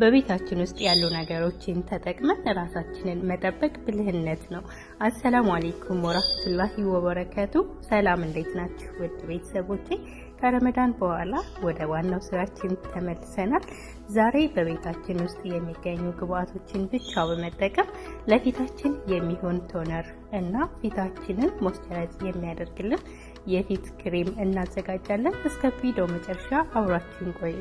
በቤታችን ውስጥ ያሉ ነገሮችን ተጠቅመን ራሳችንን መጠበቅ ብልህነት ነው። አሰላሙ አሌይኩም ወራህመቱላሂ ወበረከቱ። ሰላም እንዴት ናችሁ ውድ ቤተሰቦቼ? ከረመዳን በኋላ ወደ ዋናው ስራችን ተመልሰናል። ዛሬ በቤታችን ውስጥ የሚገኙ ግብአቶችን ብቻ በመጠቀም ለፊታችን የሚሆን ቶነር እና ፊታችንን ሞስቸራይዝ የሚያደርግልን የፊት ክሬም እናዘጋጃለን። እስከ ቪዲዮ መጨረሻ አብራችን ቆዩ።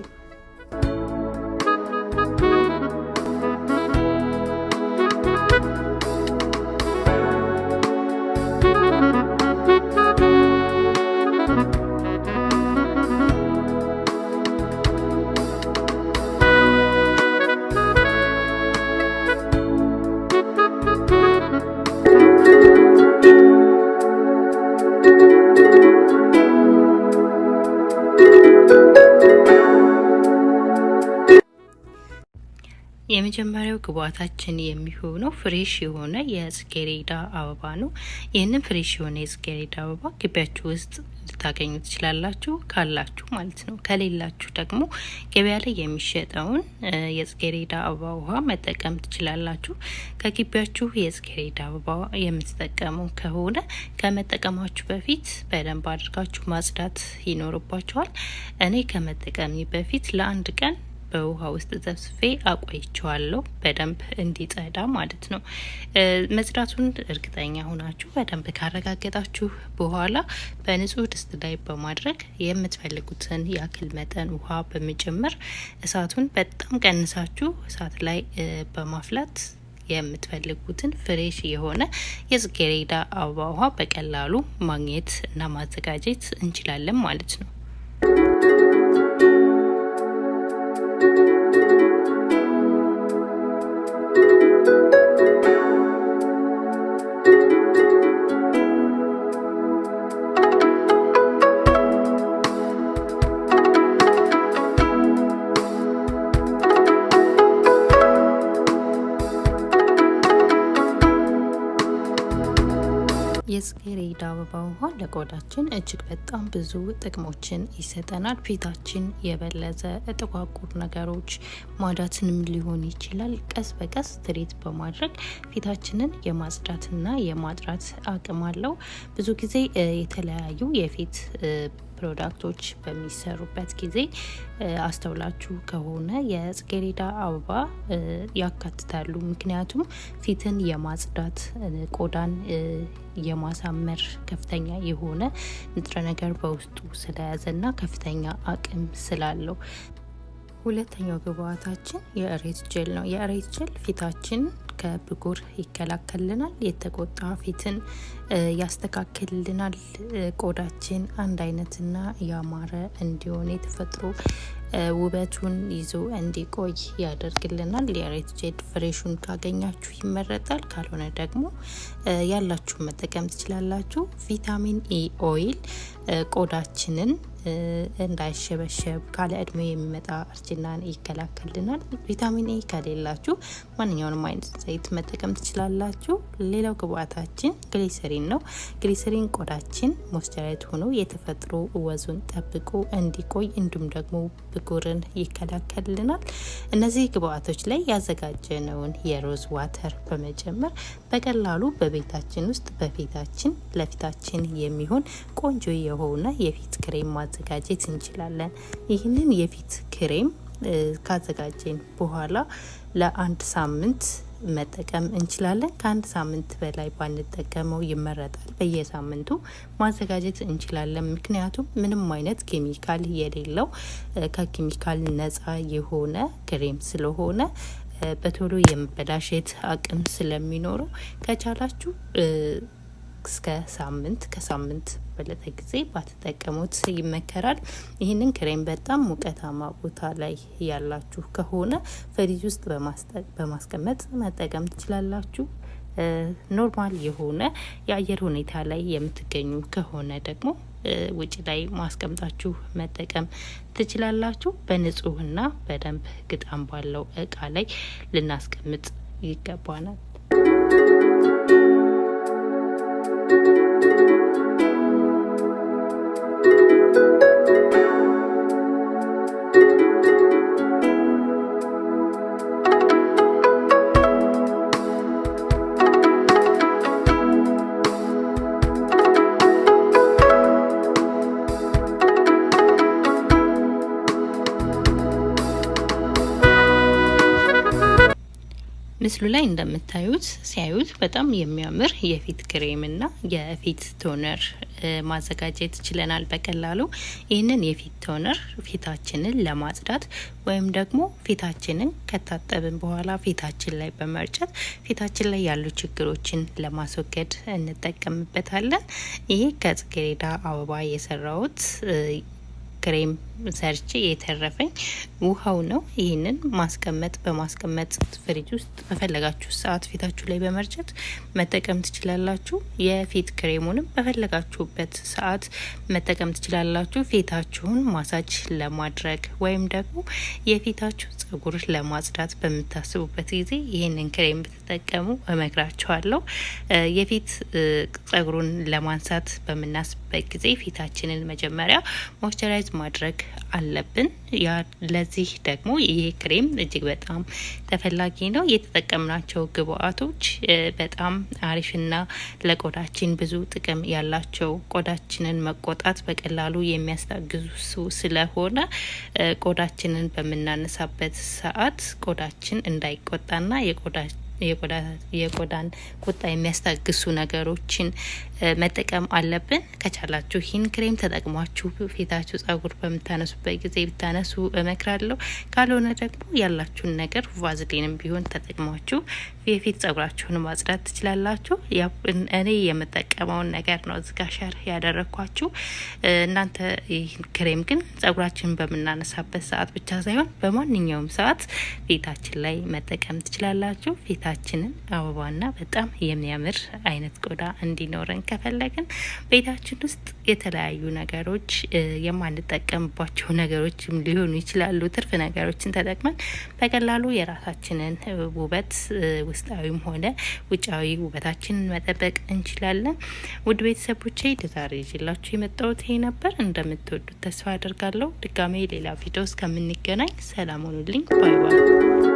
የመጀመሪያው ግብአታችን የሚሆነው ፍሬሽ የሆነ የጽጌሬዳ አበባ ነው። ይህንን ፍሬሽ የሆነ የጽጌሬዳ አበባ ግቢያችሁ ውስጥ ልታገኙ ትችላላችሁ፣ ካላችሁ ማለት ነው። ከሌላችሁ ደግሞ ገበያ ላይ የሚሸጠውን የጽጌሬዳ አበባ ውሃ መጠቀም ትችላላችሁ። ከግቢያችሁ የጽጌሬዳ አበባ የምትጠቀሙ ከሆነ ከመጠቀማችሁ በፊት በደንብ አድርጋችሁ ማጽዳት ይኖርባችኋል። እኔ ከመጠቀሚ በፊት ለአንድ ቀን በውሃ ውስጥ ዘፍዝፌ አቆይቸዋለሁ በደንብ እንዲጸዳ ማለት ነው። መጽዳቱን እርግጠኛ ሆናችሁ በደንብ ካረጋገጣችሁ በኋላ በንጹህ ድስት ላይ በማድረግ የምትፈልጉትን ያክል መጠን ውሃ በመጨመር እሳቱን በጣም ቀንሳችሁ እሳት ላይ በማፍላት የምትፈልጉትን ፍሬሽ የሆነ የጽጌሬዳ አበባ ውሃ በቀላሉ ማግኘት እና ማዘጋጀት እንችላለን ማለት ነው። ጽጌረዳ አበባ ውሃ ለቆዳችን እጅግ በጣም ብዙ ጥቅሞችን ይሰጠናል። ፊታችን የበለዘ ጥቋቁር ነገሮች ማዳትንም ሊሆን ይችላል። ቀስ በቀስ ትሬት በማድረግ ፊታችንን የማጽዳትና የማጥራት አቅም አለው። ብዙ ጊዜ የተለያዩ የፊት ፕሮዳክቶች በሚሰሩበት ጊዜ አስተውላችሁ ከሆነ የጽጌሬዳ አበባ ያካትታሉ። ምክንያቱም ፊትን የማጽዳት ቆዳን የማሳመር ከፍተኛ የሆነ ንጥረ ነገር በውስጡ ስለያዘና ከፍተኛ አቅም ስላለው። ሁለተኛው ግብአታችን የእሬት ጀል ነው። የእሬት ጀል ፊታችን ከብጉር ይከላከልልናል። የተቆጣ ፊትን ያስተካክልልናል። ቆዳችን አንድ አይነትና ያማረ እንዲሆን የተፈጥሮ ውበቱን ይዞ እንዲቆይ ያደርግልናል። የሬት ጄድ ፍሬሹን ካገኛችሁ ይመረጣል። ካልሆነ ደግሞ ያላችሁን መጠቀም ትችላላችሁ። ቪታሚን ኢ ኦይል ቆዳችንን እንዳይሸበሸብ ካለ እድሜ የሚመጣ እርጅናን ይከላከልናል። ቪታሚን ኤ ከሌላችሁ ማንኛውንም አይነት ዘይት መጠቀም ትችላላችሁ። ሌላው ግብአታችን ግሊሰሪን ነው። ግሊሰሪን ቆዳችን ሞይስቸራይዝ ሆኖ የተፈጥሮ ወዙን ጠብቆ እንዲቆይ እንዲሁም ደግሞ ብጉርን ይከላከልናል። እነዚህ ግብአቶች ላይ ያዘጋጀነውን የሮዝ ዋተር በመጨመር በቀላሉ በቤታችን ውስጥ በፊታችን ለፊታችን የሚሆን ቆንጆ የሆነ የፊት ክሬም ማዘጋጀት እንችላለን። ይህንን የፊት ክሬም ካዘጋጀን በኋላ ለአንድ ሳምንት መጠቀም እንችላለን። ከአንድ ሳምንት በላይ ባንጠቀመው ይመረጣል። በየሳምንቱ ማዘጋጀት እንችላለን። ምክንያቱም ምንም አይነት ኬሚካል የሌለው ከኬሚካል ነጻ የሆነ ክሬም ስለሆነ በቶሎ የመበላሸት አቅም ስለሚኖረው ከቻላችሁ እስከ ሳምንት ከሳምንት በለጠ ጊዜ ባትጠቀሙት ይመከራል። ይህንን ክሬም በጣም ሙቀታማ ቦታ ላይ ያላችሁ ከሆነ ፍሪጅ ውስጥ በማስቀመጥ መጠቀም ትችላላችሁ። ኖርማል የሆነ የአየር ሁኔታ ላይ የምትገኙ ከሆነ ደግሞ ውጭ ላይ ማስቀምጣችሁ መጠቀም ትችላላችሁ። በንጹህና በደንብ ግጣም ባለው እቃ ላይ ልናስቀምጥ ይገባናል። Thank you. ምስሉ ላይ እንደምታዩት ሲያዩት በጣም የሚያምር የፊት ክሬም እና የፊት ቶነር ማዘጋጀት ችለናል በቀላሉ። ይህንን የፊት ቶነር ፊታችንን ለማጽዳት ወይም ደግሞ ፊታችንን ከታጠብን በኋላ ፊታችን ላይ በመርጨት ፊታችን ላይ ያሉ ችግሮችን ለማስወገድ እንጠቀምበታለን። ይሄ ከጽጌሬዳ አበባ የሰራውት ክሬም ሰርቼ የተረፈኝ ውሃው ነው። ይህንን ማስቀመጥ በማስቀመጥ ፍሪጅ ውስጥ በፈለጋችሁ ሰዓት ፊታችሁ ላይ በመርጨት መጠቀም ትችላላችሁ። የፊት ክሬሙንም በፈለጋችሁበት ሰዓት መጠቀም ትችላላችሁ። ፊታችሁን ማሳጅ ለማድረግ ወይም ደግሞ የፊታችሁ ጸጉሮች ለማጽዳት በምታስቡበት ጊዜ ይህንን ክሬም ብትጠቀሙ እመክራችኋለሁ። የፊት ጸጉሩን ለማንሳት በምናስብበት ጊዜ ፊታችንን መጀመሪያ ሞይስቸራይዝ ማድረግ አለብን። ለዚህ ደግሞ ይሄ ክሬም እጅግ በጣም ተፈላጊ ነው። የተጠቀምናቸው ግብአቶች በጣም አሪፍና ለቆዳችን ብዙ ጥቅም ያላቸው ቆዳችንን መቆጣት በቀላሉ የሚያስታግዙ ስለሆነ ቆዳችንን በምናነሳበት ሰዓት ቆዳችን እንዳይቆጣና የቆዳችን የቆዳን ቁጣ የሚያስታግሱ ነገሮችን መጠቀም አለብን። ከቻላችሁ ይህን ክሬም ተጠቅሟችሁ ፊታችሁ ጸጉር በምታነሱበት ጊዜ ብታነሱ እመክራለሁ። ካልሆነ ደግሞ ያላችሁን ነገር ቫዝሊንም ቢሆን ተጠቅሟችሁ የፊት ጸጉራችሁን ማጽዳት ትችላላችሁ። እኔ የምጠቀመውን ነገር ነው እዚጋ ሸር ያደረግኳችሁ። እናንተ ይህን ክሬም ግን ጸጉራችን በምናነሳበት ሰዓት ብቻ ሳይሆን በማንኛውም ሰዓት ፊታችን ላይ መጠቀም ትችላላችሁ። ቤታችንን አበባና በጣም የሚያምር አይነት ቆዳ እንዲኖረን ከፈለግን ቤታችን ውስጥ የተለያዩ ነገሮች የማንጠቀምባቸው ነገሮችም ሊሆኑ ይችላሉ። ትርፍ ነገሮችን ተጠቅመን በቀላሉ የራሳችንን ውበት ውስጣዊም ሆነ ውጫዊ ውበታችንን መጠበቅ እንችላለን። ውድ ቤተሰቦቼ ለዛሬ ይዤላችሁ የመጣሁት ይሄ ነበር። እንደምትወዱት ተስፋ አድርጋለሁ። ድጋሜ ሌላ ቪዲዮ እስከምንገናኝ ሰላም ሆኑልኝ።